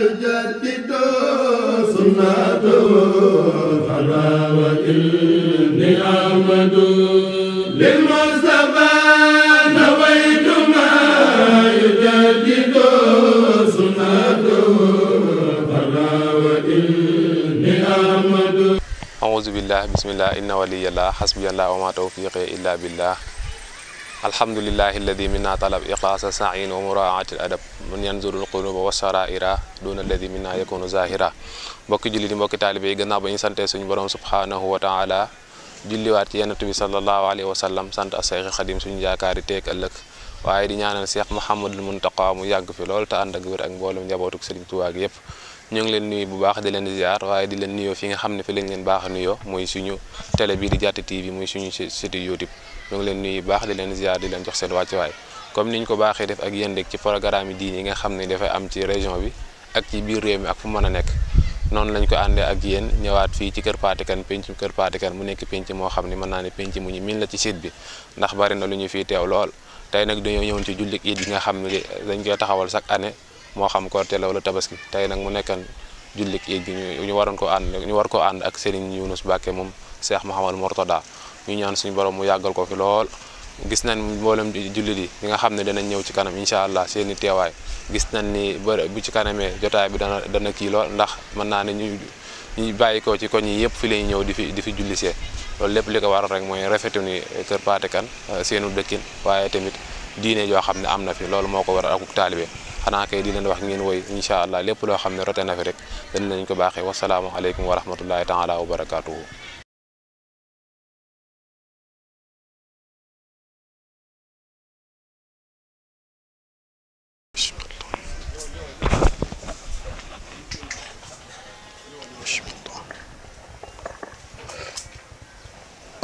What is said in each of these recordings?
يجدد سنته فلا وإني أحمد للمصطفى نويت ما يجدد سنته فلا وإني أحمد أعوذ بالله بسم الله إن ولي الله حسبي الله وما توفيقي إلا بالله الحمد لله الذي منا طلب إخلاص سعين ومراعاة الأدب من ينظر القلوب والسرائر دون الذي منا يكون ظاهرا mbokki julli di mbokki taalibe yi gannaaw ba ñu sante suñu borom subhanahu wa taala julliwaat ci yonent bi sallallahu alayhi wa sallam sant a Seex Xadim suñu yaakaari teeg ëllëg waaye di ñaanal Seex Muhammadul Muntaqa mu yàgg fi lool te ànd ak wér ak mboolem njabootuk Sëriñ Tuubaa gi yëpp ñu ngi leen nuyu bu baax di leen ziar waaye di leen nuyoo fi nga xam ne fi lañ leen baax a nuyoo muy suñu télé bii di Diatty TV muy suñu site YouTube ñoo leen nuyu baax di leen ziar di leen jox seen wàccuwaay comme niñ ko baaxee def ak yéen rek ci programme yi diine nga xam ne dafay am ci région bi ak ci biir réew mi ak fu mën a nekk noonu lañ ko àndee ak yéen ñëwaat fii ci kër Pathé Kane pénc kër Pathé Kane mu nekk pénc moo xam ne mën naa ne pénc mu ñu miin la ci site ndax bari na lu fii teew lool tey nag dañoo ñëwoon ci jullit yi nga xam ne dañ koy taxawal chaque année moo xam korite la wala tabaski tey nag mu nekkan jullit yi ñu waroon ko ànd ñu war ko ànd ak Serigne Younus Bakke moom Cheikh Mouhamadou Mourtada ñu ñaan suñu borom mu yàggal ko fi lool gis nañ mboolem jullit yi nga xam ne danañ ñëw ci kanam incha allah seeni teewaay gis nañ ni bu ci kanamee jotaay bi dana dana kii lool ndax mën naa ne ñu ñu bàyyi ko ci koñ yi yëpp fi la ñëw di fi di fi jullisee loolu lépp li ko waral rek mooy rafetu ni Kër Pathé kan euh, seenu dëkkin waaye tamit diine joo xam ne am na fi loolu moo ko waral akuk taalibe xanaa kay di leen wax ngeen woy incha allah lépp loo xam ne rote na fi rek dañ lañ ko baaxee wasalaamu aleykum wa rahmatullahi taala wa barakaatuhu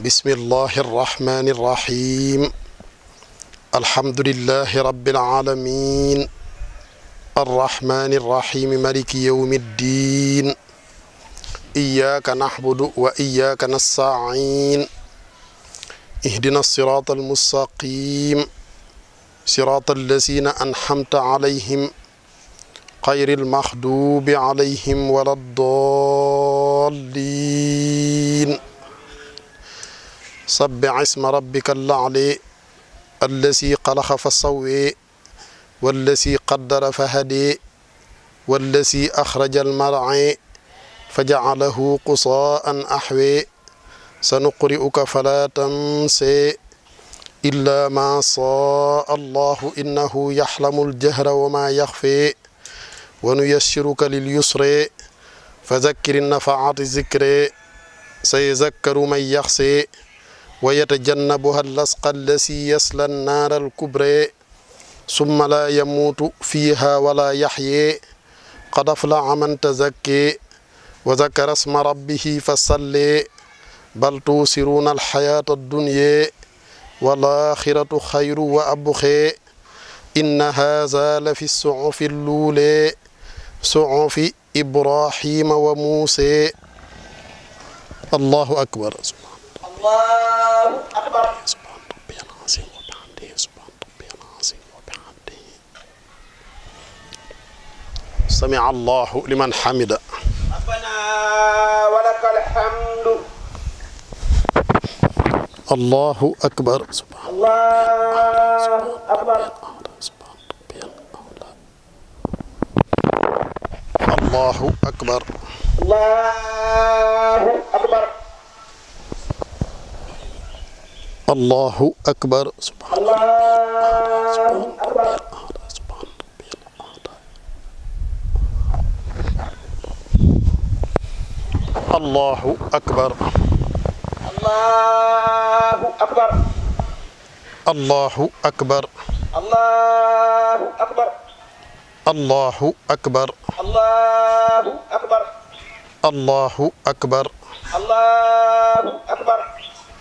بسم الله الرحمن الرحيم الحمد لله رب العالمين الرحمن الرحيم ملك يوم الدين إياك نعبد وإياك نستعين اهدنا الصراط المستقيم صراط الذين أنحمت عليهم غير المخدوب عليهم ولا الضالين صب اسم ربك الأعلى الذي قلخ فصوي والذي قدر فهدي والذي أخرج المرعى فجعله قصاء أحوي سنقرئك فلا تنسى إلا ما صاء الله إنه يحلم الجهر وما يخفي ونيسرك لليسر فذكر النفعات الذكر سيذكر من يخسي ويتجنبها اللصق الذي يصلى النار الكبرى ثم لا يموت فيها ولا يحيي قد أفلع من تزكي وذكر اسم ربه فصلي بل توسرون الحياة الدنيا والآخرة خير وأبخي إن هذا لفي السعف اللولي سعف إبراهيم وموسى الله أكبر سبحانه سمع الله لمن حمد ربنا ولك الحمد الله أكبر سبحان الله أكبر الله أكبر الله أكبر الله أكبر سبحان الله أكبر الله أكبر الله أكبر الله أكبر الله أكبر الله أكبر الله أكبر الله أكبر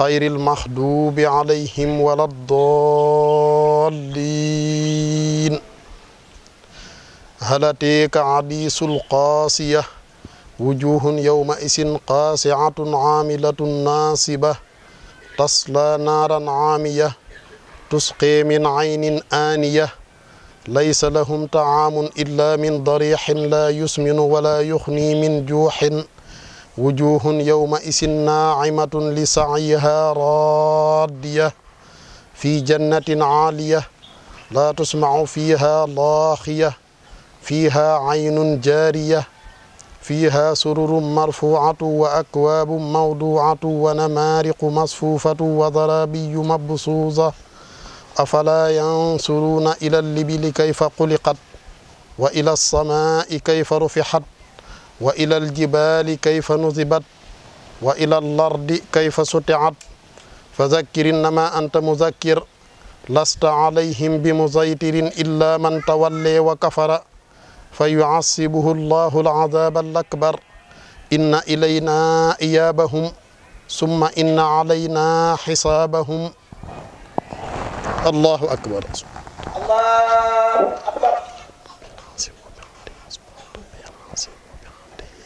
غير المحدوب عليهم ولا الضالين هل أتيك عديس القاسية وجوه يومئس قاسعة عاملة ناصبة تصلى نارا عامية تسقي من عين آنية ليس لهم طعام إلا من ضريح لا يسمن ولا يخني من جوح وجوه يومئذ ناعمة لسعيها رادية في جنة عالية لا تسمع فيها لاخية فيها عين جارية فيها سرر مرفوعة وأكواب موضوعة ونمارق مصفوفة وضرابي مبصوصة أفلا ينصرون إلى اللبل كيف قلقت وإلى السماء كيف رفحت وإلى الجبال كيف نزبت وإلى الأرض كيف سطعت فذكر إنما أنت مذكر لست عليهم بمزيتر إلا من تولي وكفر فيعصبه الله العذاب الأكبر إن إلينا إيابهم ثم إن علينا حسابهم الله أكبر الله أكبر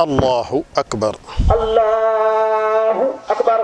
الله أكبر الله أكبر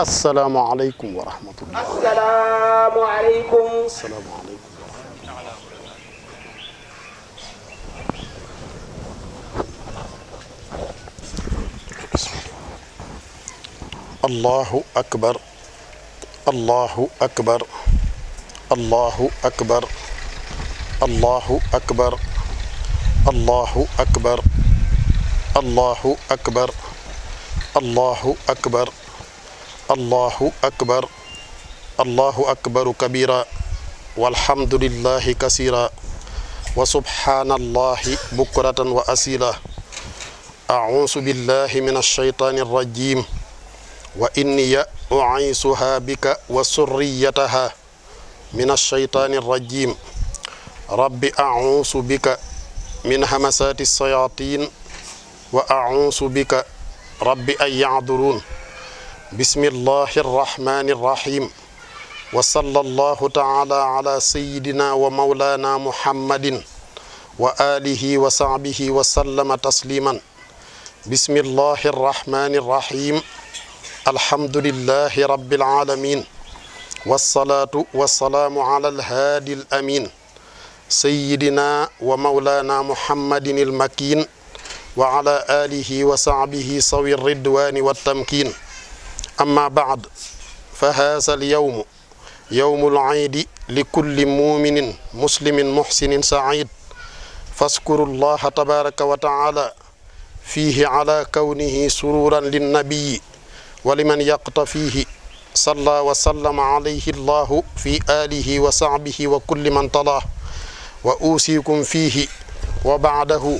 السلام عليكم ورحمة الله السلام عليكم السلام عليكم الله أكبر الله أكبر الله أكبر الله أكبر الله أكبر الله أكبر الله أكبر الله أكبر الله أكبر كبيرا والحمد لله كثيرا وسبحان الله بكرة وأسيلا أعوذ بالله من الشيطان الرجيم وإني أعيسها بك وسريتها من الشيطان الرجيم رب أعوذ بك من همسات الشياطين وأعوذ بك رب أن يعذرون بسم الله الرحمن الرحيم وصلى الله تعالى على سيدنا ومولانا محمد وآله وصحبه وسلم تسليما بسم الله الرحمن الرحيم الحمد لله رب العالمين والصلاة والسلام على الهادي الأمين سيدنا ومولانا محمد المكين وعلى آله وصحبه صوي الردوان والتمكين أما بعد فهذا اليوم يوم العيد لكل مؤمن مسلم محسن سعيد فاذكروا الله تبارك وتعالى فيه على كونه سرورا للنبي ولمن يقتفيه صلى وسلم عليه الله في آله وصحبه وكل من طلاه وأوصيكم فيه وبعده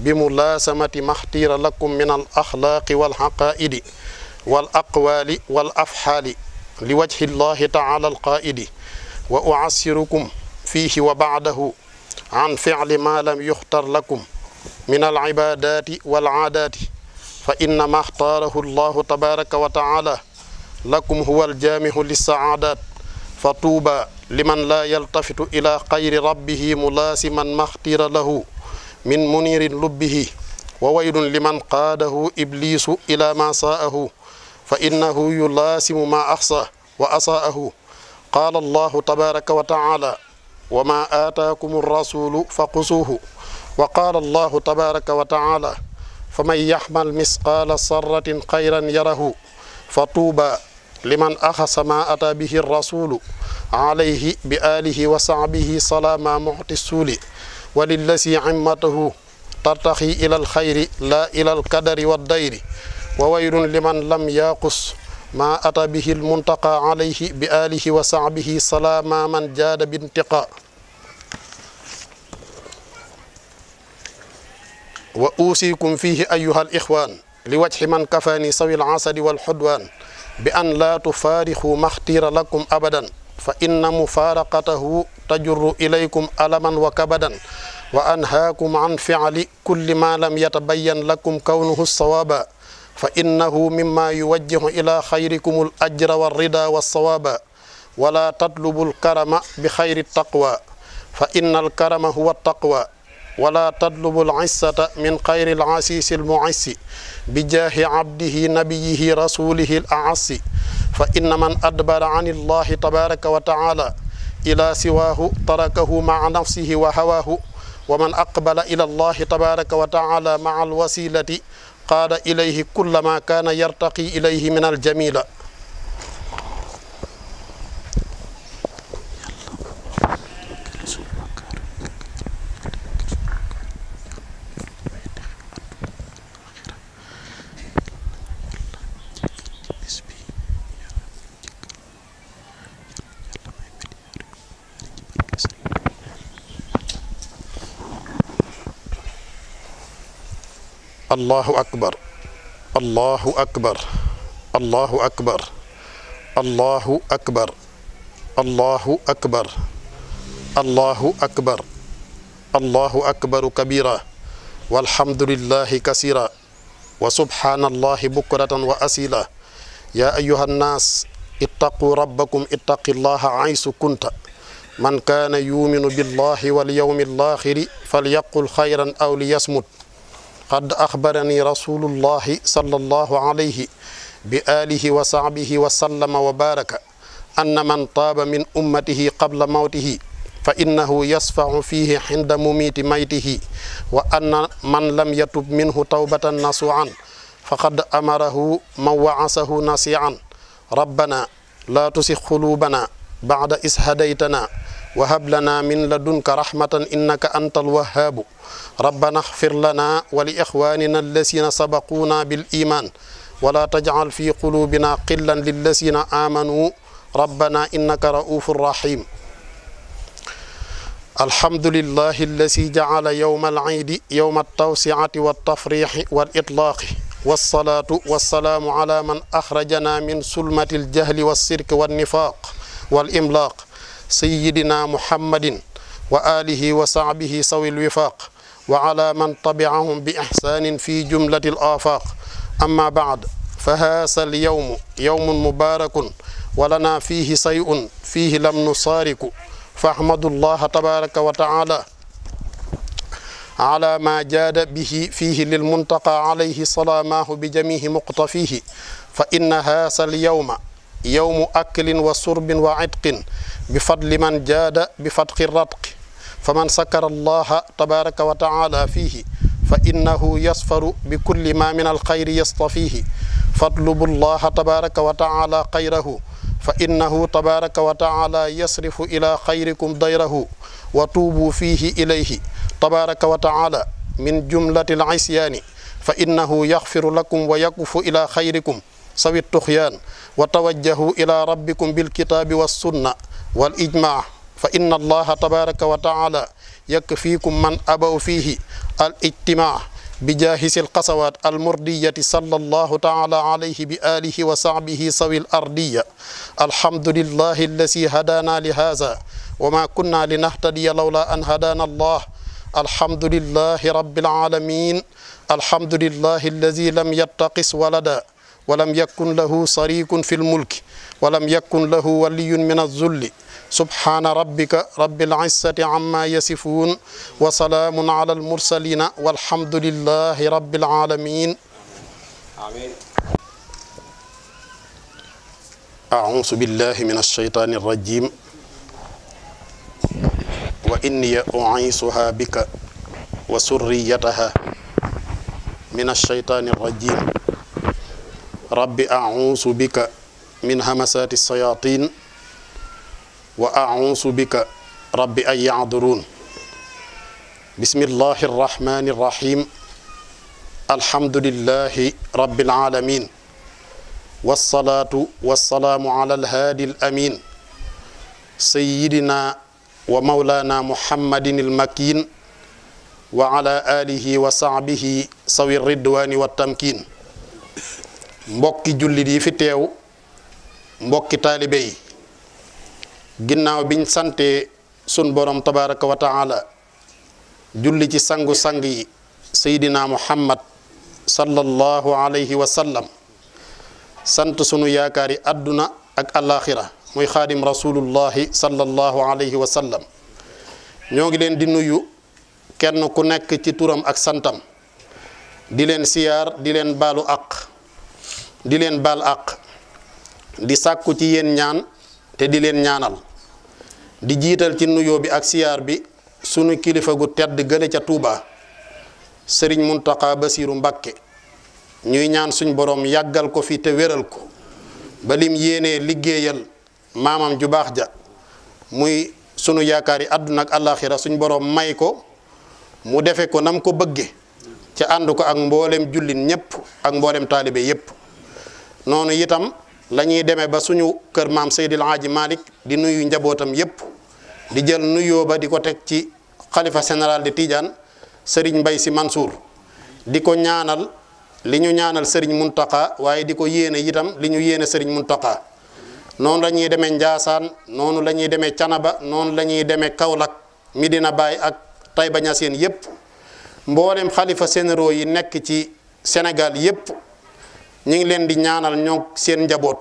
بملاسمة ما اختير لكم من الأخلاق والحقائد والأقوال والأفحال لوجه الله تعالى القائد وأعسركم فيه وبعده عن فعل ما لم يختر لكم من العبادات والعادات فإن ما اختاره الله تبارك وتعالى لكم هو الجامع للسعادات فطوبى لمن لا يلتفت إلى خير ربه ملاسما ما اختير له من منير لبه وويل لمن قاده إبليس إلى ما ساءه فإنه يلاسم ما أحصاه وأساءه قال الله تبارك وتعالى وما آتاكم الرسول فقصوه وقال الله تبارك وتعالى فمن يحمل مثقال صرة خيرا يره فطوبى لمن أخص ما أتى به الرسول عليه بآله وصعبه ما معطي السول وللذي عمته ترتخي إلى الخير لا إلى القدر والدير وويل لمن لم يقص ما أتى به المنتقى عليه بآله وصعبه سلاما من جاد بانتقاء وأوصيكم فيه أيها الإخوان لوجه من كفاني سوي العسل والحدوان بأن لا تفارقوا ما اختير لكم أبدا فإن مفارقته تجر إليكم ألما وكبدا وأنهاكم عن فعل كل ما لم يتبين لكم كونه الصوابا فإنه مما يوجه إلى خيركم الأجر والرضا والصواب ولا تطلبوا الكرم بخير التقوى فإن الكرم هو التقوى ولا تطلبوا العصة من خير العسيس المعس بجاه عبده نبيه رسوله الأعس فإن من أدبر عن الله تبارك وتعالى إلى سواه تركه مع نفسه وهواه ومن أقبل إلى الله تبارك وتعالى مع الوسيلة قال إليه كل ما كان يرتقي إليه من الجميل الله أكبر الله أكبر الله أكبر الله أكبر الله أكبر الله أكبر الله أكبر كبيرا والحمد لله كثيرا وسبحان الله بكرة وأسيلا يا أيها الناس اتقوا ربكم اتق الله عيس كنت من كان يؤمن بالله واليوم الآخر فليقل خيرا أو ليصمت قد أخبرني رسول الله صلى الله عليه بآله وصحبه وسلم وبارك أن من طاب من أمته قبل موته فإنه يصفع فيه عند مميت ميته وأن من لم يتب منه توبة نصوعا فقد أمره من وعسه نصيعا ربنا لا تسخ قلوبنا بعد إذ هديتنا وهب لنا من لدنك رحمة إنك أنت الوهاب ربنا اغفر لنا ولإخواننا الذين سبقونا بالإيمان ولا تجعل في قلوبنا قلا للذين آمنوا ربنا إنك رؤوف رحيم الحمد لله الذي جعل يوم العيد يوم التوسعة والتفريح والإطلاق والصلاة والسلام على من أخرجنا من سلمة الجهل والسرك والنفاق والإملاق سيدنا محمد وآله وصعبه سوي الوفاق وعلى من طبعهم بإحسان في جملة الآفاق أما بعد فهاس اليوم يوم مبارك ولنا فيه شيء فيه لم نصارك فأحمد الله تبارك وتعالى على ما جاد به فيه للمنتقى عليه صلاماه بجميع مقتفيه فإن هاس اليوم يوم أكل وشرب وعتق بفضل من جاد بفتق الرتق فمن سكر الله تبارك وتعالى فيه فإنه يصفر بكل ما من الخير يصطفيه فاطلبوا الله تبارك وتعالى خيره فإنه تبارك وتعالى يصرف إلى خيركم ضيره وتوبوا فيه إليه تبارك وتعالى من جملة العصيان فإنه يغفر لكم ويقف إلى خيركم سوي التخيان وتوجهوا إلى ربكم بالكتاب والسنة والإجماع فإن الله تبارك وتعالى يكفيكم من أبوا فيه الاجتماع بجاهس القصوات المردية صلى الله تعالى عليه بآله وصعبه سوي الأرضية الحمد لله الذي هدانا لهذا وما كنا لنهتدي لولا أن هدانا الله الحمد لله رب العالمين الحمد لله الذي لم يتقس ولدا ولم يكن له صريك في الملك ولم يكن له ولي من الذل سبحان ربك رب العزة عما يصفون وسلام على المرسلين والحمد لله رب العالمين آمين أعوذ بالله من الشيطان الرجيم وإني أعيسها بك وسريتها من الشيطان الرجيم رب أعوذ بك من همسات الشياطين وأعوذ بك رب أن يعذرون بسم الله الرحمن الرحيم الحمد لله رب العالمين والصلاة والسلام على الهادي الأمين سيدنا ومولانا محمد المكين وعلى آله وصحبه سوي الردوان والتمكين mbokki jullit yi fi teew mbokki taalibe yi ginnaaw biñ santee suñ boroom tabaraka wa taala julli ci sangu-sang yi seydina muhammad sallallahu alayhi wa sallam sant sunu yi àdduna ak alaxira muy xaadim rasulullahi sallallahu alayhi wa sallam ñoo ngi leen di nuyu kenn ku nekk ci turam ak santam di leen siyaar di leen baalu àq di len bal ak di sakku ci yéen ñaan te di len ñaanal di jital ci nuyo bi ak siyar bi sunu kilifa gu tedd gele ca Touba serigne muntaka Basiru Mbakke ñuy ñaan suñ borom yagal ko fi te wéral ko ba lim yene liggéeyal mamam ju bax ja muy sunu yakari adunak Allah ak alakhirah suñ borom may ko mu defé ko nam ko bëgge ci ànd ko ak mboolem jullit ñepp ak mboolem talibé yépp noonu itam la ñuy demee ba suñu kër maam Seydil Hadji Malick di nuyu njabootam yépp di jël nuyoo ba di ko teg ci xalifa général di Tidiane Serigne Mbaye si Mansour di ko ñaanal li ñu ñaanal Serigne Mountakha waaye di ko yéene itam li ñu yéene Serigne Mountakha noonu lañuy ñuy demee Ndiassane noonu la ñuy demee Canaba noonu la ñuy demee Kaolack Medina Baye ak Taïba Niassène yépp mboolem xalifa généraux yi nekk ci Sénégal yépp ñu ngi leen di ñaanal ñoo seen njaboot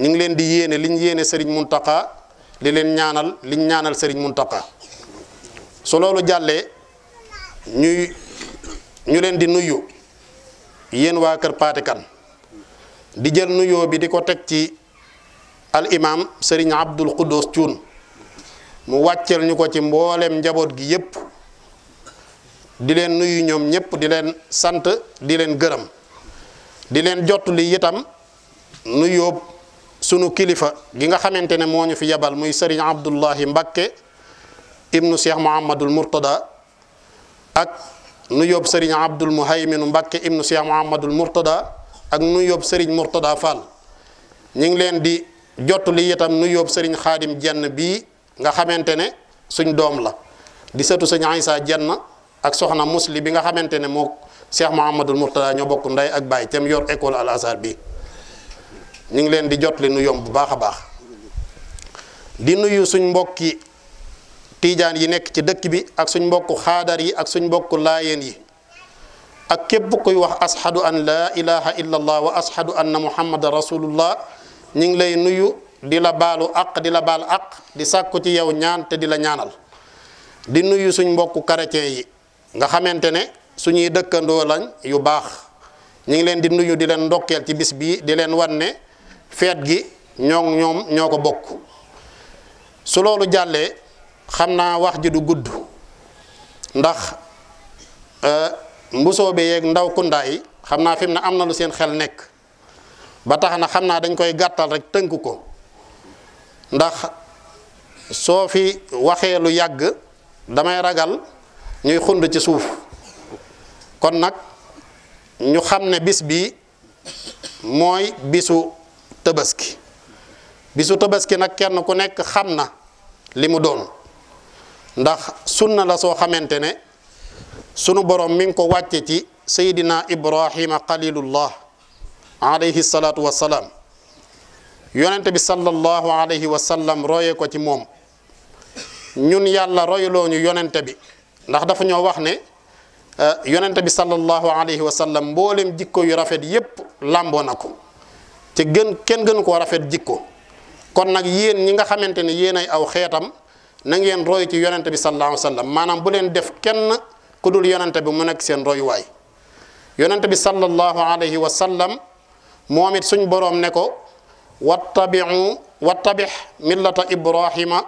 ñu ngi leen di yéene liñ yéene Serigne Mountakha di leen ñaanal liñ ñaanal Serigne Mountakha su loolu jàllee ñuy ñu leen di nuyu yéen waa kër Pathé di jël nuyoo bi di ko teg ci alimaam imam Serigne Abdul Quddus Cuun mu wàcceel ñu ko ci mbooleem njaboot gi yépp di leen nuyu ñoom ñépp di leen sant di leen gërëm di len jotuli itam nu yóbbu sunu kilifa gi nga xamantene moñu fi yabal muy serigne abdullah Mbakke ibnu Cheikh Muhammadul Murtada ak nu yóbbu sëriñ Abdul muhaymin Mbakke ibnu Cheikh Muhammadul Murtada ak nu yóbbu sëriñ Murtada Fall ñi ngi len di jotuli itam nu yóbbu sëriñ Xaadim jenn bi nga xamantene suñ dom la di sëtu serigne aïssa jenn ak soxna musli bi nga xamantene ne Cheikh Mouhamadul Mourtada ñoo bokk nday ak baay tem yor école al azhar bi ñu ngi leen di jot li nu yomb bu baax baax di nuyu suñ mbokki tiijaan yi nekk ci dëkk bi ak suñ mbokku xaadar yi ak suñ mbokku laayeen yi ak képp kuy wax ashadu an laa ilaha illallah wa ashadu anna muhammadan rasulullah ñu ngi lay nuyu di la baalu àq di la baal àq di sàkku ci yow ñaan te di la ñaanal di nuyu suñ mbokku chrétien yi nga xamante ne suñuy dëkkandoo lañ yu baax ñu ngi leen di nuyu di leen ndokkeel ci bis bii di leen wan feet gi ñoo ñoom ñoo ko bokk su loolu jàllee xam naa wax ji du gudd ndax euh, mbusoo bi yeeg ndaw kundaa yi xam naa fi mu ne am na lu seen xel nekk ba tax na xam naa dañ koy gàttal rek tënk ko ndax soo fi waxee lu yàgg damay ragal ñuy xund ci suuf kon nak ñu xamne bis bi moy bisu tabaski bisu tabaski nak kenn ku nek xamna limu doon ndax sunna la so xamantene sunu borom mi ngi ko wàcce ci sayidina ibrahima qalilullah alayhi salatu wassalam yonent bi sallallahu alayhi wasallam roye ko ci mom ñun yàlla royloo ñu yonent bi ndax dafa ñoo wax ne yonent bi sallallahu alayhi wa sallam mbolem jikko yu rafet yep làmboo na ko te gën ken gën ko rafet jikko kon nak yéen ñi nga xamante yéen ay aw xetam na ngeen roy ci yonent bi sallallahu alayhi wa sallam manam bu len def kenn ku dul yonent bi mu nekk seen way yonent bi sallallahu alayhi wa sallam momit suñ borom ne ko wattabiu wattabih millata ibrahima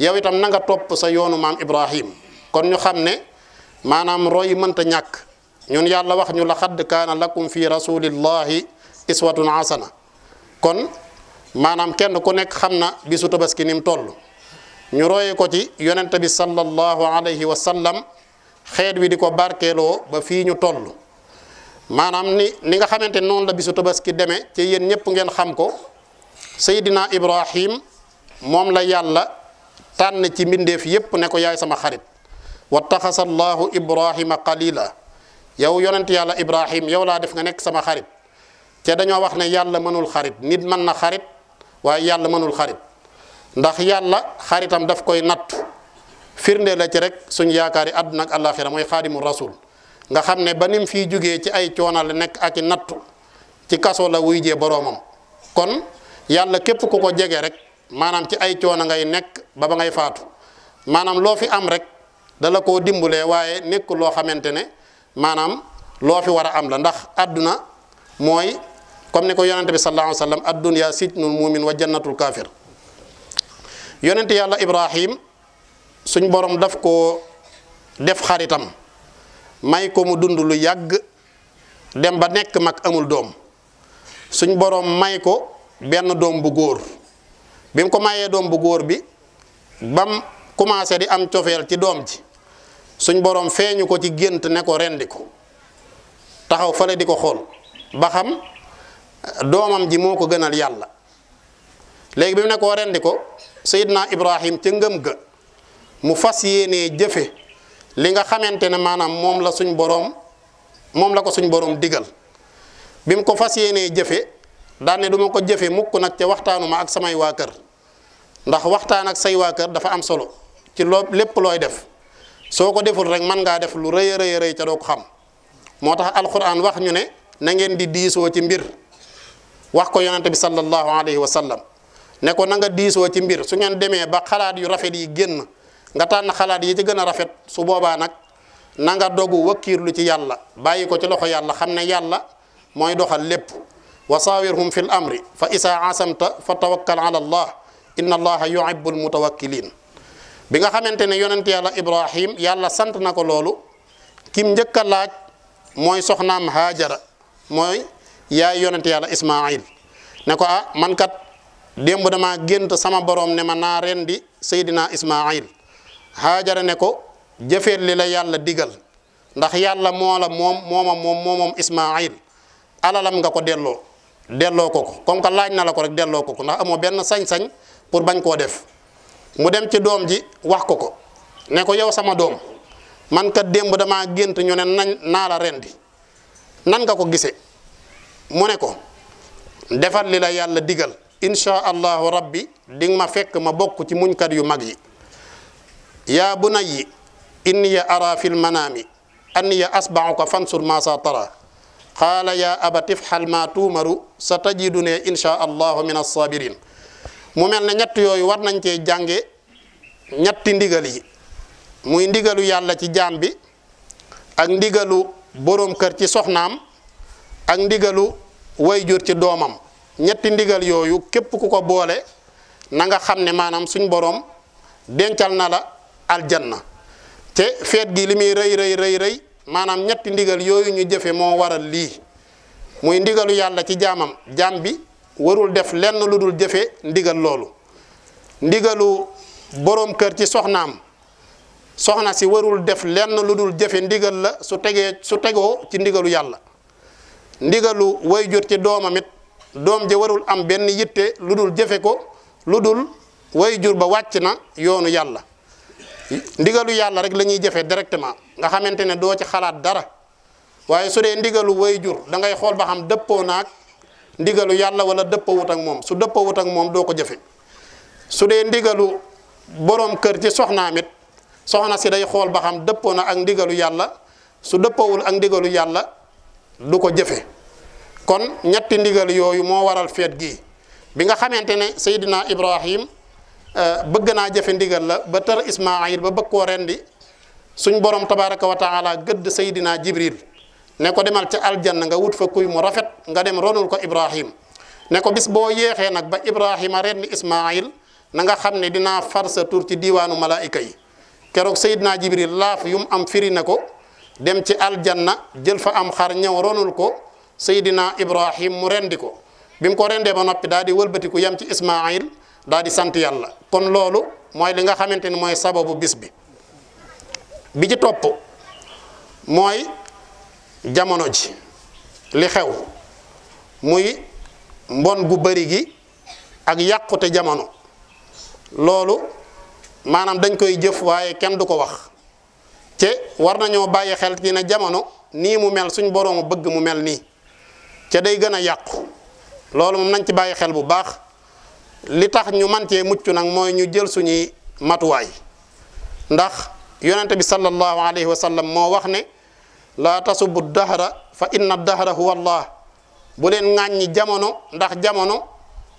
yow itam na nga top sa yoonu mam ibrahim kon ñu xamne manam roy mënta ñak ñun yàlla wax ñu la khad kana lakum fi rasulillahi iswatun hasana kon manam kenn ku nek xamna bisu tabaski nim mu toll ñu roye ko ci yonent bi sallallahu alayhi wa sallam xeet wi diko barkelo ba fi ñu toll manam ni ni nga xamante non la bisu tabaski démé ci yéen ñëpp ngeen xam ko Seydina Ibrahim mom la yàlla tan ci mindeef yépp ne ko yaay sama xarit واتخذ الله ابراهيم قليلا يو يونت يالا ibrahim yow laa def nga nek sama xarit te dañoo wax ne yàlla manul xarit nit man na xarit waaye yàlla manul xarit ndax yàlla xaritam daf koy nat firnde la ci rek suñu yaakaari àdduna ak àllaaxira moy khadimur rasul nga xamne banim fi nim ci ay coono la nekk ak nat ci kasso la wuy je boromam kon yàlla kep ku ko jege rek manam ci ay coono ngay nek ba ba ngay faatu manam lo fi am rek dala ko dimbulee waaye nekkul loo xamante manam maanaam loo fi wara am la ndax aduna moy comme niko ko bi sallallahu alayhi wasallam sallam addunya sitnul mumin wa jannatul kafir yonnate yalla ibrahim suñ borom daf ko def xaritam may ko mu dund lu dem ba nek mak amul dom suñ borom may ko ben dom bu gor bim ko maye dom bu gor bi bam commencé di am tiofel ci dom. ci suñ boroom feeñu ko ci gént ne ko rendi ko taxaw fale di ko xool ba xam doomam ji moo ko gënal yàlla léegi bi mu ne koo rendi ko Seydina Ibrahim ca ngëm ga mu fas yéenee jëfe li nga xamante ne maanaam moom la suñ boroom moom la ko suñ boroom digal bi mu ko fas yéenee jëfe daan ne du ma ko jëfe mukk nag ca waxtaanuma ak samay waa kër ndax waxtaan ak say waa kër dafa am solo ci loo lépp looy def soko deful rek man nga def lu reey reey reey rëy ca doo ko xam motax alquran wax ñu ne na ngeen di diiso ci mbir wax ko yonante bi sallallahu alayhi wa sallam ne ko na nga diiso ci mbir su ngeen deme ba xalaat yu rafet yi génn nga tan xalaat yi ci gëna rafet su boba nak na nga dogu wakkiirlu ci yàlla bàyyi ko ci loxo yàlla xamne yàlla moy doxal lépp wasawirhum fil amri fa isa asamta fatawakkal ala allah inna allaha yuhibbul mutawakkilin bi nga xamante ne yonent yàlla Ibrahim yàlla sant na ko loolu kim njëkk a laaj mooy soxnaam Haajara mooy yaay yonent yàlla Ismaayil ne ko ah démb damaa gént sama borom ne ma naa ren di Seydina Ismaayil Haajara ne ko jëfeet li la yàlla digal ndax yàlla moo la moom mooma moom moomoom Ismaayil alalam nga ko delloo delloo ko ko comme que laaj na la ko rek delloo ko ko ndax amoo benn sañ-sañ pour bañ koo def. mu dem ci doom ji wax ko ko ne ko yow sama doom man kat démb damaa gént ñu ne nañ naa la rendi nan nga ko gisee mu ne ko defal li la yàlla digal insha allahu rabbi di ma fekk ma bokk ci muñkat yu mag yi yaa bunayya inni ara fil manaami anni asba'uka fansur ma sa tara qaala yaa abati if'al ma tu'maru satajiduni insha allahu min as-sabirin mu mel na ñett yooyu war nañ cee jànge ñetti ndigal yi muy ndigalu yàlla ci jaam bi ak ndigalu borom kër ci soxnaam ak ndigalu wayjur ci doomam ñetti ndigal yooyu képp ku ko boole na nga xam ne maanaam suñ borom dencal na la aljanna te feet gi li muy rëy rëy rëy rëy maanaam ñetti ndigal yooyu ñu jëfe moo waral lii muy ndigalu yàlla ci jaamam jaam bi warul def lenn lu dul jëfe ndigal loolu ndigalu boroom kër ci soxnaam soxna si warul def lenn lu dul jëfe ndigal la su tegee su tegoo ci ndigalu yàlla ndigalu wayjur ci doomam doom ja warul am benn yitte lu dul jëfe ko lu dul wayjur ba wàcc na yoonu yàlla ndigalu yàlla rek la ñuy jëfee directement nga xamante ne doo ci xalaat dara waaye su dee ndigalu wayjur da ngay xool ba xam dëppoo naag ndigalu yàlla wala dëppawut ak moom su dëppawut ak moom doo ko jëfe su dee ndigalu boroom kër ci soxnaam mit soxna si day xool ba xam dëppoo na ak ndigalu yàlla su dëppawul ak ndigalu yàlla du ko jëfe kon ñetti ndigal yooyu moo waral feet gi bi nga xamante ne Seydina Ibrahim euh, bëgg naa jëfe ndigal la ba tër Ismaayil ba bëgg koo rendi suñ borom tabaraka wa taala gëdd Seydina Jibril ne ko demal ca aljanna nga wut fa kuy mu rafet nga dem ronul ko Ibrahim ne ko bis boo yeexee nag ba Ibrahima ren ni Ismaayil na nga xam ne dinaa far sa tur ci diiwaanu malaayika yi keroog Seydina Jibril laaf yu mu am firi na ko dem ci aljanna jël fa am xar ñëw ronul ko Seydina Ibrahim mu rendi ko bi mu ko rendee ba noppi daal di wëlbatiku yam ci Ismaayil daal di sant yàlla kon loolu mooy li nga xamante ni mooy sababu bis bi bi ci topp mooy. jamono ji li xew muy mbon gu bari gi ak yàqute jamono lolu manam dañ koy jëf waye kenn duko ko wax te war nañu baye xel ci na jamono ni mu mel suñ borom bëgg mu mel ni ca day gëna yakku lolu mom nañ ci baye xel bu baax li tax ñu man cee muccu nak moy ñu jël suñuy matuway ndax yonente bi sallallahu alayhi wa sallam mo wax ne laa tasubu dahra fa inna dahra huwa allah bu leen ŋàññi jamono ndax jamono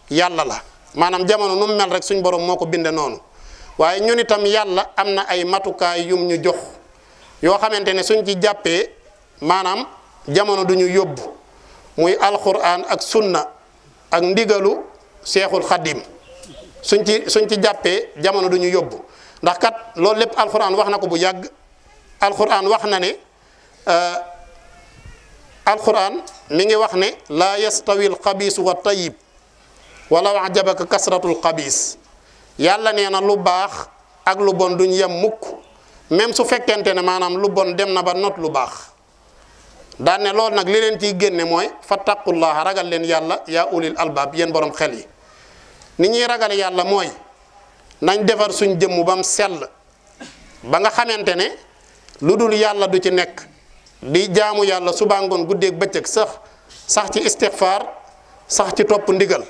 yàlla la maanaam jamono nu mel rek suñ borom moo ko binde noonu waaye ñun itam yàlla am na ay matukaay yum ñu jox yoo xamante ne suñ ci jàppee maanaam jamono du ñu yóbbu muy alquran ak sunna ak ndigalu seexul xadim suñ ci suñ ci jàppee jamono du ñu yóbbu ndax kat loolu lépp alquran wax na ko bu yàgg alquran wax na ne. Euh, alquran mi ngi wax ne laa yastawi alxabiisu wa tayib walaw ajabaka kasratul xabiis yàlla nee na lu baax ak lu bon duñ yem mukk même su fekkente ne maanaam lu bon dem na ba not lu baax daan ne loolu nag li leen ciy génne mooy fa fattaqullaha ragal leen yàlla yaa ulil albaab yenn boroom xel yi ni ñuy ragal yàlla mooy nañ defar suñ jëmm ba mu sell ba nga xamante ne lu dul yàlla du ci nekk di jaamu yalla suba ngoon guddeeg bëccëg sax sax ci istighfar sax ci top ndigal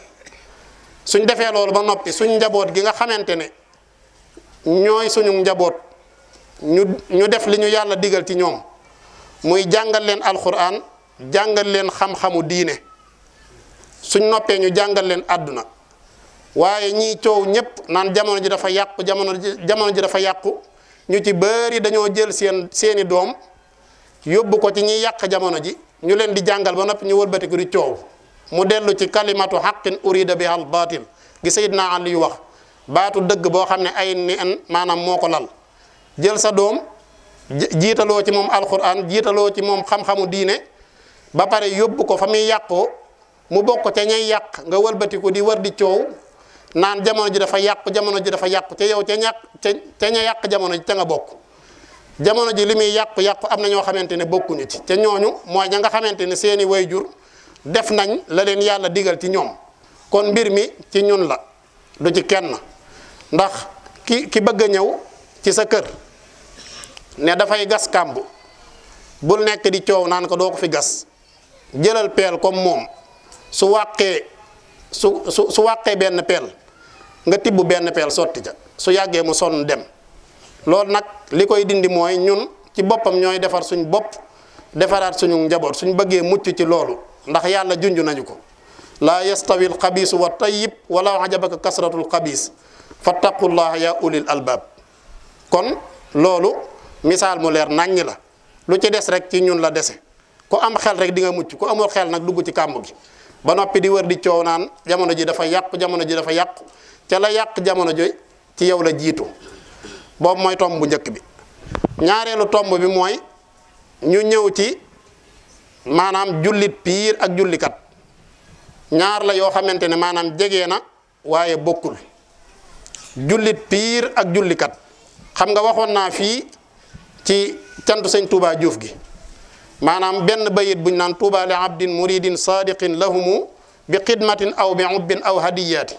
suñ defee loolu ba nopi suñ njabot gi nga xamantene ne suñu njabot ñu ñu def liñu yalla digal ci ñom muy jangal len alquran jangal leen xam-xamu diine suñ noppé ñu jangal leen aduna waye ñi ciow ñep naan jamono ji dafa yaq jamono ji jamono ji dafa yaq ñu ci bëri dañoo jël seen seeni doom yobbu ko ci ñi yak jamono ji ñu leen di jangal ba noppi ñu di ciow mu dellu ci kalimatu haqqin urida biha al batil gi sayyidna ali wax baatu deug bo xamne ne ay ni an maanaam moo lal jël sa dom jitalo ci moom alquran jitalo ci mom xam-xamu diine ba pare yobbu ko fami yakko yàqoo mu bokk ca ñay yak nga ko di wër di ciow naan jamono ji dafa yak, jamono ji dafa yak, te yow ca ñak ca ña yak jamono ji nga bokk jamono ji li muy yàqu-yàqu am na ñoo xamante ne bokkuñu ci te ñooñu mooy ja nga xamante ne seeni way jur def nañ la leen yàlla digal ci ñoom kon mbir mi ci ñun la du ci kenn ndax ki ki bëgg a ñëw ci sa kër ne dafay gas kàmb bul nekk di coow naan ko doo ko fi gas jëlal peel comme moom su wàqee su su su wàqee benn peel nga tibb benn peel sotti ca su yàggee mu sonn dem loolu nag likoy dindi moy ñun ci bopam ñoy defar suñ bop defaraat suñu njabot suñ bëggee mucc ci loolu ndax yalla junj nañu ko la yastawil alxabiisu wat tayyib wala ajabaka kasratul fattaqullaha ya ulil albab kon loolu Misal mu leer nañ la lu ci dess rek ci ñun la dese ko am xel rek di nga mucc ko amul xel nak duggu ci kambu gi ba nopi di wër di ciow naan jamono ji dafa yaq jamono ji dafa yaq ci la yaq jamono ji ci yow la jitu boobu mooy tomb bu njëkk bi ñaareelu tomb bi mooy ñu ñëw ci maanaam jullit piir ak jullikat ñaar la yoo xamante ne maanaam jege na waaye bokkul jullit piir ak jullikat xam nga waxoon naa fii ci cantu sëñ Touba Diouf gi maanaam benn bayit buñ naan Touba li abdin muridin sadiqin lahumu bi xidmatin aw bi ubbin aw hadiyaati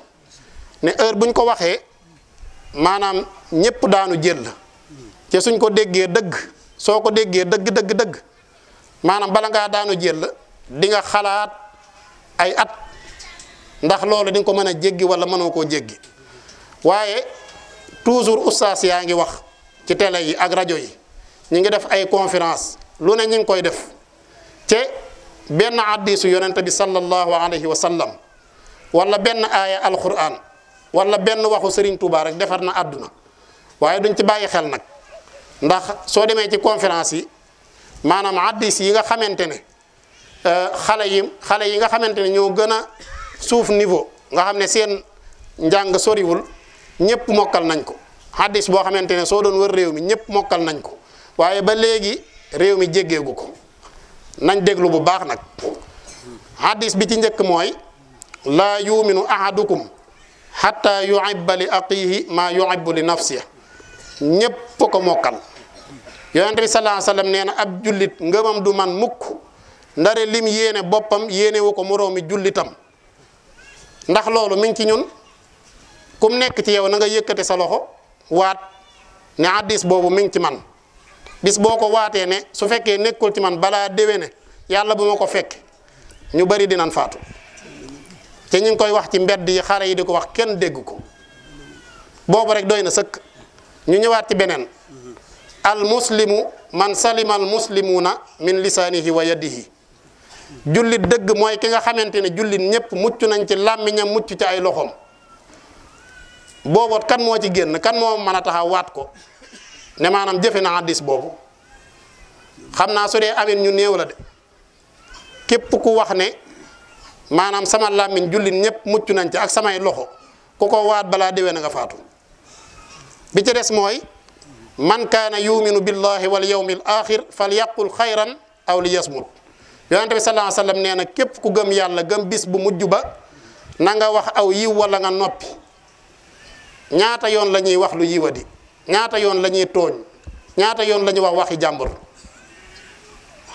ne heure buñ ko waxee maanaam ñépp daanu jël te suñ ko déggee dëgg soo ko déggee dëgg dëgg dëgg maanaam bala ngaa daanu jël di nga xalaat ay at ndax loolu di ko mën a jéggi wala mënoo koo jéggi waaye toujours ustaas yaa ngi wax ci télé yi ak rajo yi ñu ngi def ay conférence lu ne ñu ngi koy def ce benn addisu yonente bi sallallahu alayhi wa sallam benn aaya alquran wala benn waxu Serigne Touba rek defar na àdduna waaye duñ ci bàyyi xel nag ndax soo demee ci conférence yi maanaam addis yi nga xamante ne euh, xale yi xale yi nga xamante ne ñoo gën a suuf niveau nga xam ne seen njàng soriwul ñëpp mokkal nañ ko addis boo xamante ne soo doon wër réew mi ñëpp mokkal nañ ko waaye ba léegi réew mi jéggeegu ko nañ déglu bu baax nag addis bi ci njëkk mooy laa yuuminu ahadukum hatta yuibba li aqihi ma yuibbu li nafsia ñëpp ko mokkal yonente bi salaa sallam neena ab jullit ngëmam du man mukk ndare lim yéene boppam yéene wu ko mu mi jullitam ndax loolu mi ngi ci ñun kum nekk ci yow na nga yëkkati sa loxo waat ne addis ah, boobu mi ngi ci man bis boo ko waatee ne su fekkee nekkul ci man balaa déwe ne yàlla bu ma ko fekk ñu bëri dinañ faatu te ñu ngi koy wax ci mbedd yi xare yi di ko wax kenn dégg ko boobu rek doy na sëkk ñu ñëwaat ci beneen al muslimu man salima al na min lisaanihi wa yadihi jullit dëgg mooy ki nga xamante ne jullit ñëpp mucc nañ ci làmmiñam mucc ci ay loxoom booboot kan moo ci génn kan moo mën a taxaw waat ko ne maanaam jëfe na hadis boobu xam naa su dee amin ñu néew la de képp ku wax ne manam sama lamin jullit nyep mucc nañ ci ak sama loxo ku ko waat balaa déwén na nga faatu bi ci dess moy man kana yuminu billahi wal yawmil akhir, falyaqul khairan aw liyasmut yonente bi sallallahu alayhi wasallam neena na ku gem yalla gem bis bu mujju ba na nga wax aw yiw wala nga nopi ñaata yon lañuy wax lu yiwadi ñaata yon lañuy togn ñaata yon lañuy wax waxi jambur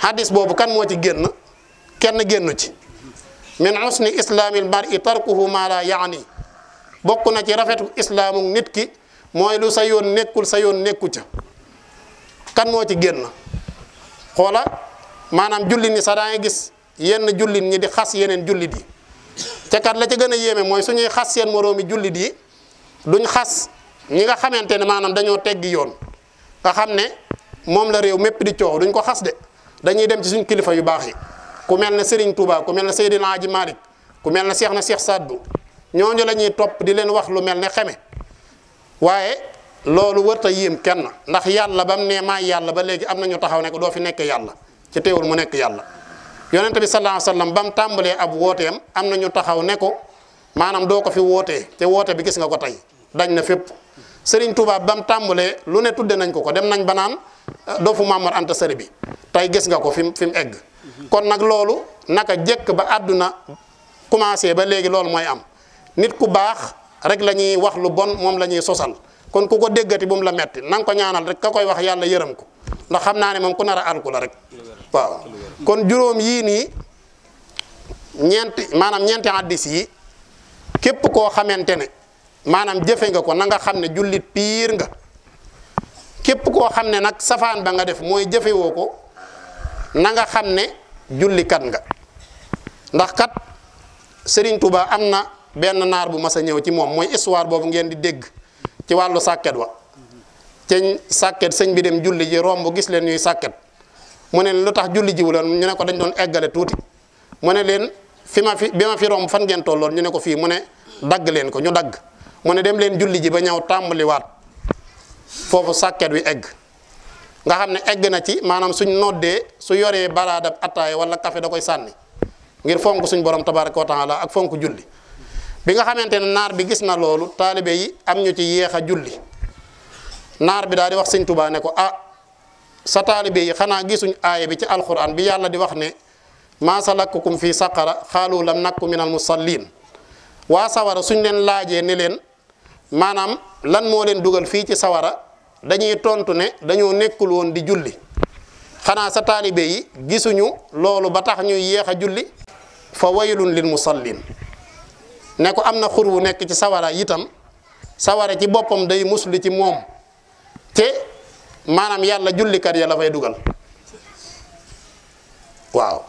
hadith bobu kan mo ci genn kenn gennu ci min islam islamil bar'i tarkuhu ma la ya'ni bokku na ci rafetu islam nit ki moy lu sayon nekul sayon neku ca kan mo ci genn xola manam jullit sa da nga gis yenn jullit ñi di khas yenen jullit yi te kat la ci gëna yéme moy suñuy khas, seen moromi jullit yi duñ xas ñi nga xamantene manam dañoo teggi yoon nga xamne ne la rew mepp di ciow duñ ko khas de dañuy dem ci suñu kilifa yu baax ku mel ne Serigne Touba ku mel ne Seydina Aji Malick ku mel ne Cheikh na Cheikh Saddu ñooñu la topp di leen wax lu mel ne xeme waaye loolu wërta yéem kenn ndax yàlla ba mu nee maay yàlla ba léegi am na ñu taxaw ne ko doo fi nekk yàlla ci teewul mu nekk yàlla. yonent bi sallallahu alayhi wasallam ba mu tàmbalee ab wooteem am na ñu taxaw ne ko maanaam doo ko fi wootee te woote bi gis nga ko tey dañ na fépp Serigne Touba ba tàmbalee lu ne tudde nañ ko ko dem nañ ba naan dofu Maamar Anta Sari bi tey gis nga ko fi mu fi mu egg. kon nak lolu naka jek ba aduna commencé ba léegi lolu moy am nit ku bax rek lañuy wax lu bon mom lañuy sosal kon kuko deggati bum la metti na ko ñaanal rek ka koy wax yalla yeeram ko ndax xamna ne mom ku nara alku la rek waaw kon juróom yi ni ñent manam ñent hadith yi kep ko xamantene manam maanaam nga ko na nga xamne julit pir nga kep ko xamne nak safan ba nga def moy jëfewoo ko na nga xamne jullikat nga ndax kat Serigne Touba am na benn naar bu mas a ñëw ci moom mooy histoire boobu ngeen di dégg ci wàllu sàkket wa ceñ sàkket sëñ bi dem julli ji romb gis leen ñuy sàkket mu ne lu tax julli ji wuloon ñu ne ko dañ doon eggale tuuti mu ne leen fi ma fi bi ma fi romb fan ngeen tolloon ñu ne ko fii mu ne dagg leen ko ñu dagg mu ne dem leen julli ji ba ñëw tàmbaliwaat foofu sàkket wi egg nga xam ne egg na ci maanaam suñ noddee su yoree baraadab attaaya wala kafe da koy sànni ngir fonk suñ borom tabaraka wa taala ak fonk julli bi nga xamante ne naar bi gis na loolu taalibe yi am ñu ci yéex a julli naar bi daal di wax sëñ Tuubaa ne ko ah sa taalibe yi xanaa gisuñ aaya bi ci alxuraan bi yàlla di wax ne maa salakkukum fii saqara xaalu lam nakku minal musallin waa sawara suñ leen laajee ni leen maanaam lan moo leen dugal fii ci sawara dañuy tontu ne dañoo nekkul woon di julli xanaa sa taalibe yi gisuñu loolu ba tax ñuy yéex a julli fa waylun lil musallin ne ko am na xur wu nekk ci sawara itam sawara ci boppam day musli ci moom te maanaam yàlla jullikat ya la dugal waaw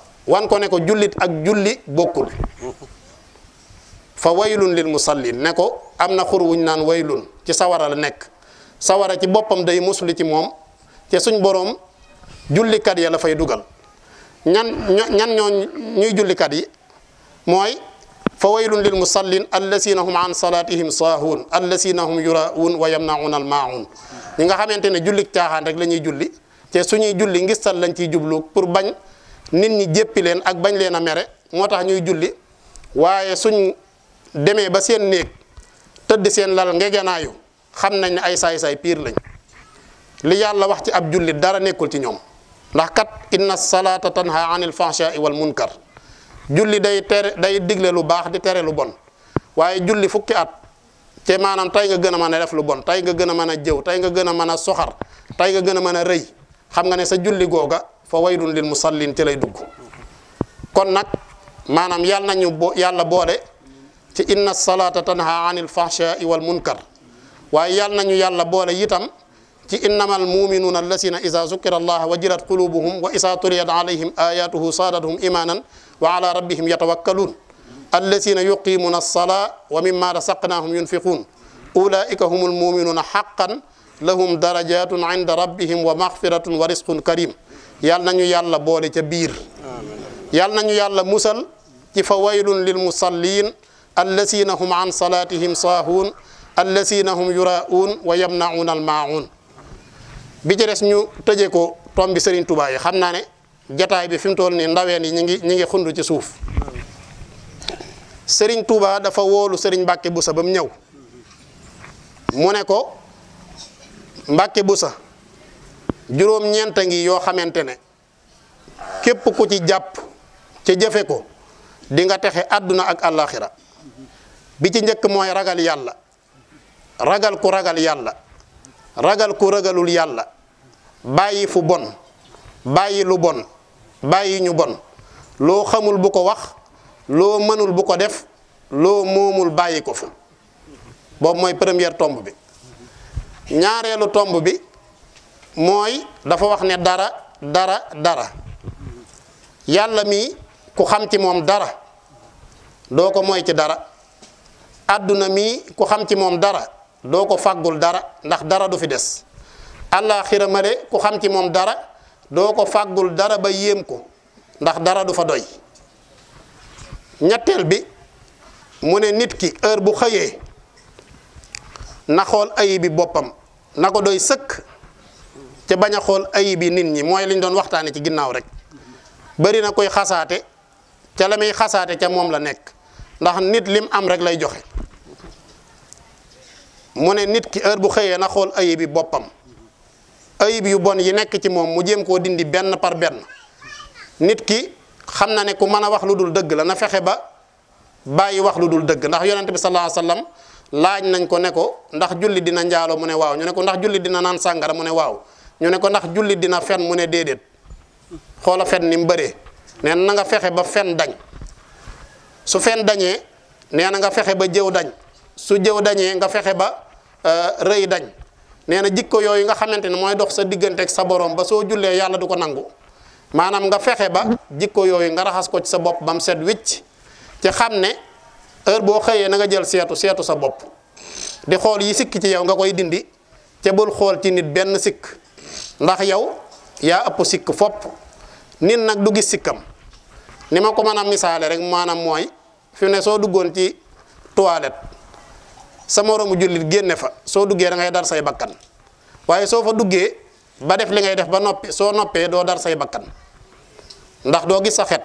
ko ne ko jullit ak julli bokkul fa waylun lil musallin ne ko am na xur wuñ naan waylun ci sawara la nekk sawara ci bopam day musli ci mom te suñ borom kat ya la fay dugal ñan ñan ñoo ñuy kat yi moy fa waylun lil musallin allasina hum an salatihim sahun allasina hum yuraun wa yamnauna al maun ñi nga xamantene julli jullik caaxaan rek lañuy julli te suñuy julli ngistal lañ ci jublu pour bañ nit ñi jepi len ak bañ leena mere moo ñuy julli waye suñ démé ba seen neek tëdd seen lal ngegenaayu xam nañ ne ay saay-saay pire lañ li yàlla wax ci ab jullit dara nekkul ci ñoom ndax kat inna salata tanha anil fahshaai wal munkar julli day tere day digle lu baax di tere lu bon waaye julli fukki at te maanaam tey nga gën a mën a def lu bon tey nga gën a mën a jëw tey nga gën a mën a soxar tey nga gën a mën a rëy xam nga ne sa julli googa fa waylun lil musallin ci lay dugg kon nag maanaam yàlla nañu bo yàlla boole ci inna salata tanha anil fahshaai wal munkar ويالنا نيو يالا انما المؤمنون الذين اذا ذكر الله وجلت قلوبهم واذا تليت عليهم اياته صادتهم ايمانا وعلى ربهم يتوكلون الذين يقيمون الصلاه ومما رزقناهم ينفقون اولئك هم المؤمنون حقا لهم درجات عند ربهم ومغفره ورزق كريم يالنا نيو يالا بولا تي يالنا نيو يالا موسل تي للمصلين الذين هم عن صلاتهم صاهون allazina hum yuraun wa yamnaun al maun bi ci res ñu tëjee ko tomb bi Serigne Touba yi xam naa ne jataay bi fi mu toll nii ndaween yi ñu ngi ñu ngi xundu ci suuf sëriñ Touba dafa woolu Serigne Mbacke Boussa ba mu ñëw mu ne ko Mbacke Boussa juróom-ñeent a ngi yoo xamante ne képp ku ci jàpp ca jëfe ko di nga texe àdduna ak àllaaxira bi ci njëkk mooy ragal yàlla. ragal ku ragal yàlla ragal ku ragalul yàlla bàyyi fu bon bàyyi lu bon bàyyi ñu bon loo xamul bu ko wax loo mënul bu ko def loo moomul bàyyi ko fa boobu mooy première tomb bi ñaareelu tomb bi mooy dafa wax ne dara dara dara yàlla mi ku xam ci moom dara doo ko moy ci dara àdduna mi ku xam ci moom dara doo ko fàggul dara ndax dara du fi des àllaaxira male ku xam ci moom dara doo ko fàggul dara ba yéem ko ndax dara du fa doy ñetteel bi mu ne nit ki heure bu xëyee na xool bi boppam na ko doy sëkk te bañ a xool bi nit ñi mooy liñ doon waxtaane ci ginnaaw rek bari na koy xasaate ca la muy xasaate ca moom la nekk ndax nit lim am rek lay joxe mu ne nit ki heure bu xëyee na xool ayib yi boppam ayib yu bon yi nekk ci moom mu jéem koo dindi benn par benn nit ki xam na ne ku mën a wax lu dul dëgg la na fexe ba bàyyi wax lu dul dëgg ndax yonent bi sallallahu alayhi wasallam laaj nañ ko ne ko ndax julli dina njaalo mu ne waaw ñu ne ko ndax julli dina naan sàngara mu ne waaw ñu ne ko ndax julli dina fen mu ne déedéet xoola fen ni mu bëree na nga fexe ba fen dañ su fen dañee nee na nga fexe ba jëw dañ su jëw dañé nga fexé ba reuy dañ néna jikko yoy nga xamanténi moy dox sa digënté ak sa borom ba so jullé yalla duko nangu manam nga fexé ba jikko yoy nga raxas ko ci sa bop bam set ci xamné ne heure bo nga jël sétu sétu sa bop di xol yi sikk ci yow nga koy dindi ci bul xol ci nit ben sik ndax yow yaa ëpp sik fop nit nag du gis sikam nima ko manam misale rek manam moy fi ne so dugon ci toilette sa moromu julit genné fa so duggé da ngay dar say bakkan waye so fa duggé ba def li ngay def ba noppi so noppé do dar say bakkan ndax do gis sa xet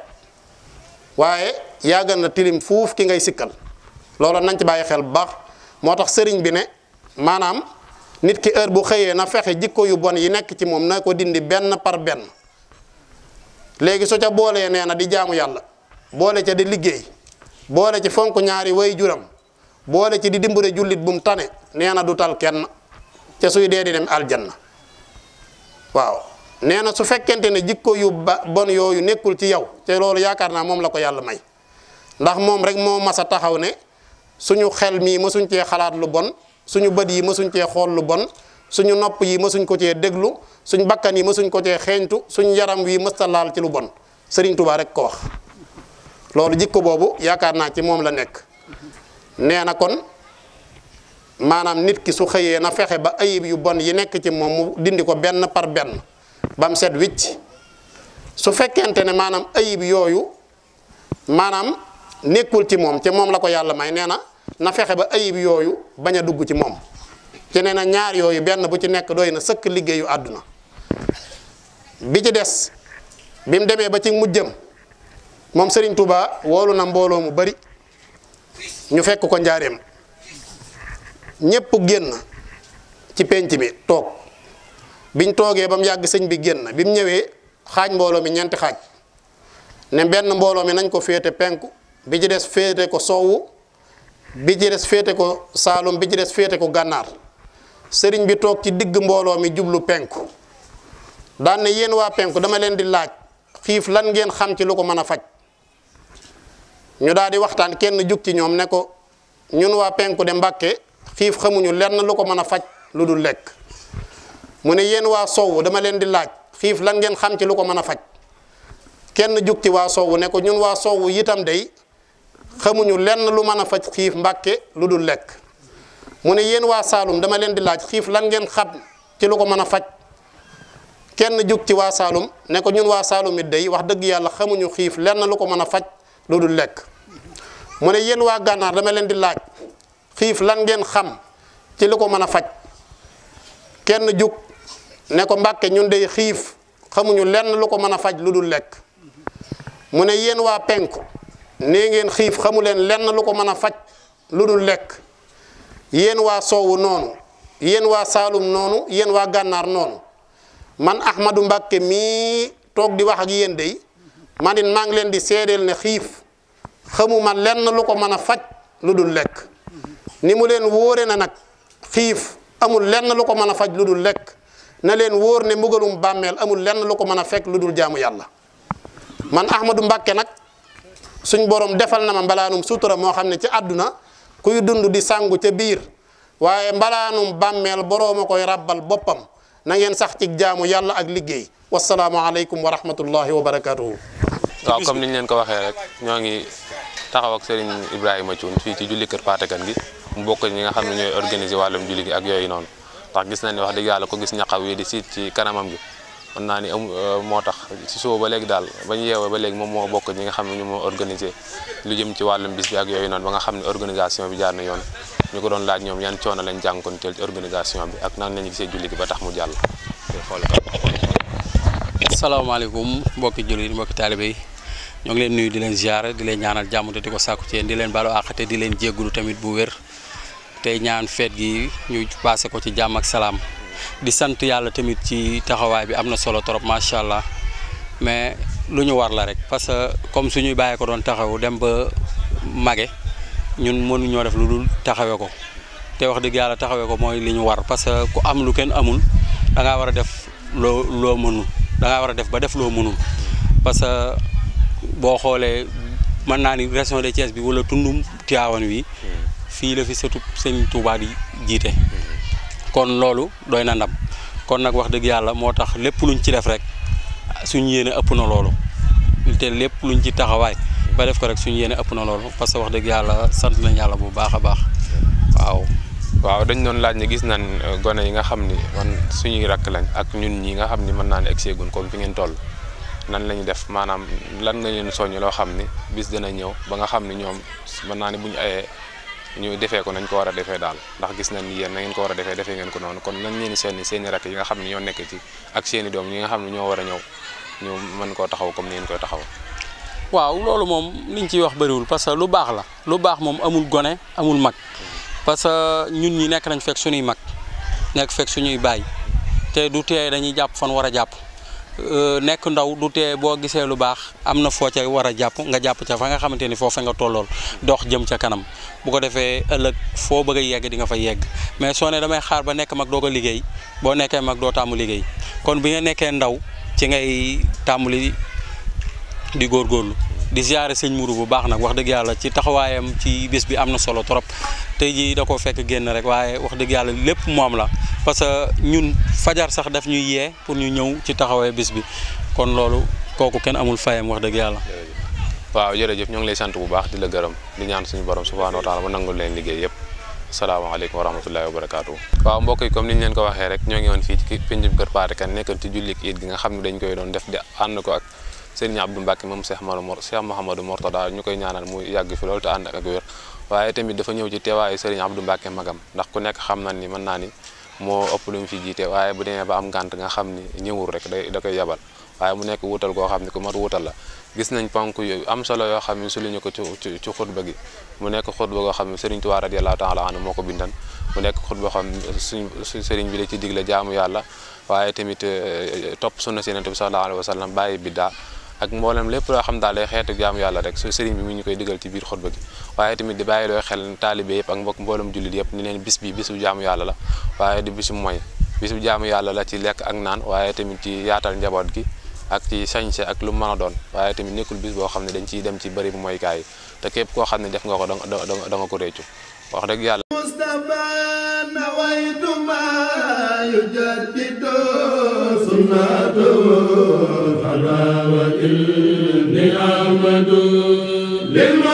waye yàggal na tilim fouf ki ngay sikkal lolo nañ ci baye xel bax motax moo bi ne manam nit ki heure bu xeyé na fexé jikko yu bon yi nek ci mom na ko dindi ben par ben légui so ca bolé néna di jaamu yalla bolé ca di liggéey bolé ci fonku ñaari way juram boole ci di dimbale jullit bu mu tane nee na du tal kenn ca suy dee di dem aljanna waaw nee na su fekkente ne jikko yu ba bon yooyu nekkul ci yow te loolu yaakaar naa moom la ko yàlla may ndax moom rek moo mas a taxaw ne suñu xel mii mësuñ cee xalaat lu bon suñu bët yi mësuñ cee xool lu bon suñu nopp yi mësuñ ko cee déglu suñu bakkan yi mësuñ ko cee xeeñtu suñu yaram wi mësta laal ci lu bon Sëriñ Tuubaa rek ko wax loolu jikko boobu yaakaar naa ci moom la nekk. nee na kon maanaam nit ki su xëyee na fexe ba ayib yu bon yi nekk ci moom mu dindi ko benn par benn ba set wicc su fekkente ne maanaam ayib yooyu maanaam nekkul ci moom te moom la ko yàlla may nee na na fexe ba ayib bañ a dugg ci moom te nee na ñaar yooyu benn bu ci nekk doy na sëkk liggéeyu àdduna bi ci des bi mu demee ba ci mujjëm moom sëriñ Touba woolu na mbooloo mu bari ñu fekk ko ndiarém ñepp génn ci penc bi tok biñ toogee bam yagg señ bi génn bi ñëwé xaj mbolo mi ñeenti xaj né benn mbolo mi nañ ko fété penku bi ci dess fété ko sowu bi ci dess fété ko salum bi ci dess fété ko gànnaar señ bi tok ci digg mbolo mi jublu penku daan né yeen wa penku dama leen di laaj xif lan ngeen xam ci luko mëna ñu daal di waxtaan kenn jug ci ñoom ne ko ñun waa penku de mbàkke xiif xamuñu lenn lu ko mën a faj lu dul lekk mu ne yéen waa sowu dama leen di laaj xiif lan ngeen xam ci lu ko mën a faj kenn jug ci waa ne ko ñun waa sowu itam day xamuñu lenn lu mën a faj xiif mbàkke lu dul lekk mu ne yéen waa saalum dama leen di laaj xiif lan ngeen xam ci lu ko mën a faj kenn jug ci waa saalum ne ko ñun waa saalum it day wax dëgg yàlla xamuñu xiif lenn lu ko mën a faj lu dul lekk mu ne yéen waa gànnaar dama leen di laaj xiif lan ngeen xam ci li ko mën a faj kenn jug ne ko mbàkke ñun day xiif xamuñu lenn lu ko mën a faj lu dul lekk mu ne yéen waa penku nee ngeen xiif xamu leen lenn lu ko mën a faj lu dul lekk yéen waa soowu noonu yéen waa saalum noonu yéen waa gànnaar noonu man Ahmadou Mbàkke mii toog di wax ak yéen day man maa ngi leen di seedeel ne xiif xamuma lenn lu ko mën a faj lu dul lekk ni mu leen wóore na nag xiif amul lenn lu ko mën a faj lu dul lekk na leen wóor ne mbugalum bàmmeel amul lenn lu ko mën a fekk lu dul jaamu yàlla man ahmadu Mbacké nag suñ borom defal na ma mbalaanum sutura moo xam ne ci àdduna kuy dund di sangu ca biir waaye mbalaanum bàmmeel borooma koy ràbbal boppam na ngeen sax ci jaamu yàlla ak liggéey wasalaamu aleykum wa rahmatullahi wa barakatuhu waaw comme ñu leen ko waxee rek ñoo ngi taxaw ak Serigne Ibrahima Thioune fii ci julli kër Pathé gi mu bokk ñi nga xam ne ñooy organiser wàllum julli gi ak yooyu noonu ndax gis nañ ne wax dëgg yàlla ko gis ñaqaw yi di siit ci kanamam gi mën naa ni am euh, moo tax ci suba ba léegi daal ba ñu yeewoo ba léegi moom moo bokk ñi nga xam ne ñu moo organiser lu jëm ci wàllum bis bi ak ba nga xam ne organisation bi jaar na yoon ñu ko doon laaj ñoom yan coono lañ jànkoonteel ci organisation bi ak nan lañu gisee julli gi ba tax mu jàll xool salaamaaleykum mbokki jullit mbokki taalibe yi ñoo ngi leen nuyu di leen ziare di leen ñaanal jàmm te di ko sàkku ci yéen di leen balu àq te di leen jéggulu tamit bu wér tey ñaan feet gi ñu passé ko ci jàmm ak salaam di sant yàlla tamit ci taxawaay bi am na solo trop macha allah mais lu ñu war la rek parce que comme suñuy bàyyi ko doon taxaw dem ba mage ñun mënuñoo def lu dul taxawee ko te wax dëgg yàlla taxawee ko mooy li ñu war parce que ku am lu kenn amul da war a def loo loo mënul da nga wara def ba def lo mënul parce que boo xoolee mën ni région de Thiès bi wala tundum wi fi la fi sëtu seigne Touba di jité kon lolu doy kon nak wax deug yalla motax lepp luñ ci def rek suñ yene ëpp na lolu té lepp luñ ci taxaway ba def ko rek suñ yene ëpp na lolu parce wax deug yalla sant nañ yalla bu baaxa baax waaw waaw dañ doon laaj ne gis naan euh, gone yi nga xam ni man suñuy rakk lañ ak ñun ñi nga xam ni mën naa ne egseegun comme fi ngeen toll nan la ñu def maanaam lan nga leen soññ loo xam ni bis dina ñëw ba nga xam ni ñoom mën naa ne bu ayee ñu defee ko nañ ko war a defee daal ndax gis nañ ni yéen na ngeen ko war a defee defee ngeen ko noonu kon nañ leen seen seen i rakk yi nga xam ne ñoo nekk ak seen i yi nga xam ne ñoo war a ñëw ñu mën koo taxaw comme ni ngeen koy taxaw waaw loolu moom liñ ciy wax bariwul parce que lu baax la lu baax moom amul gone amul mag parce que ñun ñi nekk nañ fekk suñuy mag nekk fekk suñuy baay te du tee dañuy jàpp fan war a jàpp euh, nekk ndaw du tee boo gisee lu baax am na foo ca war a jàpp nga jàpp ca fa nga xamante ni foofa nga tollool dox jëm ca kanam bu ko defee ëllëg foo bëgg a yegg di nga fa yegg mais soo ne damay xaar ba nekk mag doo ko liggéey boo nekkee mag doo tàmm liggéey kon bi nga nekkee ndaw ci ngay tàmmali di góorgóorlu di ziare sëñ Mourou bu baax nag wax dëgg yàlla ci taxawaayam ci bis bi am na solo trop tey jii da koo fekk génn rek waaye wax dëgg yàlla lépp moom la parce que ñun fajar sax daf ñuy yee pour ñu ñëw ci taxawaay bis bi kon loolu kooku kenn amul fayam wax dëgg yàlla. waaw jërëjëf ñoo ngi lay sant bu baax di la gërëm di ñaan suñu borom subhaanahu wa taala ba nangul leen liggéey yëpp salaamaaleykum wa rahmatullahi wa barakaatu. waaw mbokk yi comme ni ñu leen ko waxee rek ñoo ngi nga xam ne dañ koy doon def di ànd ko ak Serigne Abdou Mbacke moom Cheikh Mor Cheikh Mouhamadou Mortada ñu koy ñaanal mu yàgg fi loolu te ànd ak wér waaye tamit dafa ñëw ci teewaayu Serigne Abdou Mbacke magam ndax ku nekk xam na ni mën naa ni moo ëpp lu mu fi jiite waaye bu demee ba am ngànt nga xam ni ñëwul rek day da koy yabal waaye mu nekk wutal goo xam ne ku mat wutal la gis nañ ponk yooyu am solo yoo xam ne su li ñu ko ci ci xutba gi mu nekk xutba goo xam ne Serigne Touba radiyallahu taala anhu moo ko bindan mu nekk xutba xam suñ Serigne bi la ci la jaamu yàlla waaye tamit eh, eh, topp sunna si Yonent bi sallallahu alayhi wa sallam bàyyi biddaa ak mboolem lépp loo xam daal day xeetu jaamu yàlla rek su sëriñ bi mu ñu koy digal ci biir xutba gi waaye tamit di bàyyi loo xel taalibe yëpp ak mbokk mboolem jullit yëpp ni leen bis bi bisu jaamu la waaye di mooy bisu jaamu yàlla la ci lekk ak naan waaye tamit ci yaatal njaboot gi ak ci sañse ak lu mën doon waaye tamit nekkul bis boo xam ne dañ ciy dem ci bëri mooykaay yi te képp koo xam ne def nga ko da da nga ko réccu wax dëgg yàlla sunnatu